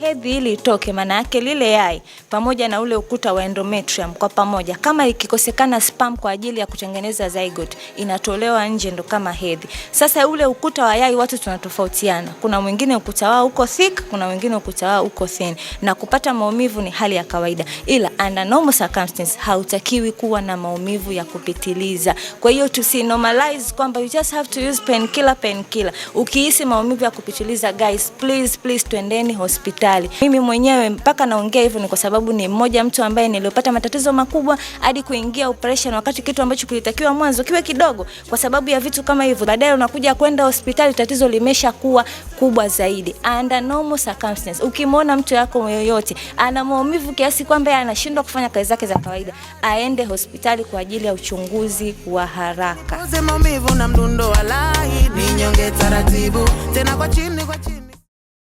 hedhi ili itoke, maana yake lile yai pamoja na ule ukuta wa endometrium kwa pamoja, kama ikikosekana sperm kwa ajili ya kutengeneza zygote, inatolewa nje, ndo kama hedhi. Sasa ule ukuta wa yai watu tunatofautiana, kuna mwingine ukuta wao uko thick, kuna mwingine ukuta wao uko thin, na kupata maumivu ni hali ya kawaida, ila under normal circumstances hautakiwi kuwa na maumivu ya kupitiliza. Kwa hiyo normalize kwamba you just have to use painkiller, painkiller. Ukihisi maumivu ya kupitiliza, guys, please please, twendeni hospitali hospitali. Mimi mwenyewe mpaka naongea hivyo ni kwa sababu ni mmoja mtu ambaye niliopata matatizo makubwa hadi kuingia operation, wakati kitu ambacho kilitakiwa mwanzo kiwe kidogo. Kwa sababu ya vitu kama hivyo, baadaye unakuja kwenda hospitali, tatizo limesha kuwa kubwa zaidi. Under normal circumstances, ukimwona mtu yako yoyote ana maumivu kiasi kwamba anashindwa kufanya kazi zake za kawaida, aende hospitali kwa ajili ya uchunguzi wa haraka. Maumivu na mdundo wa laini, ninyonge taratibu tena kwa chini, kwa chini.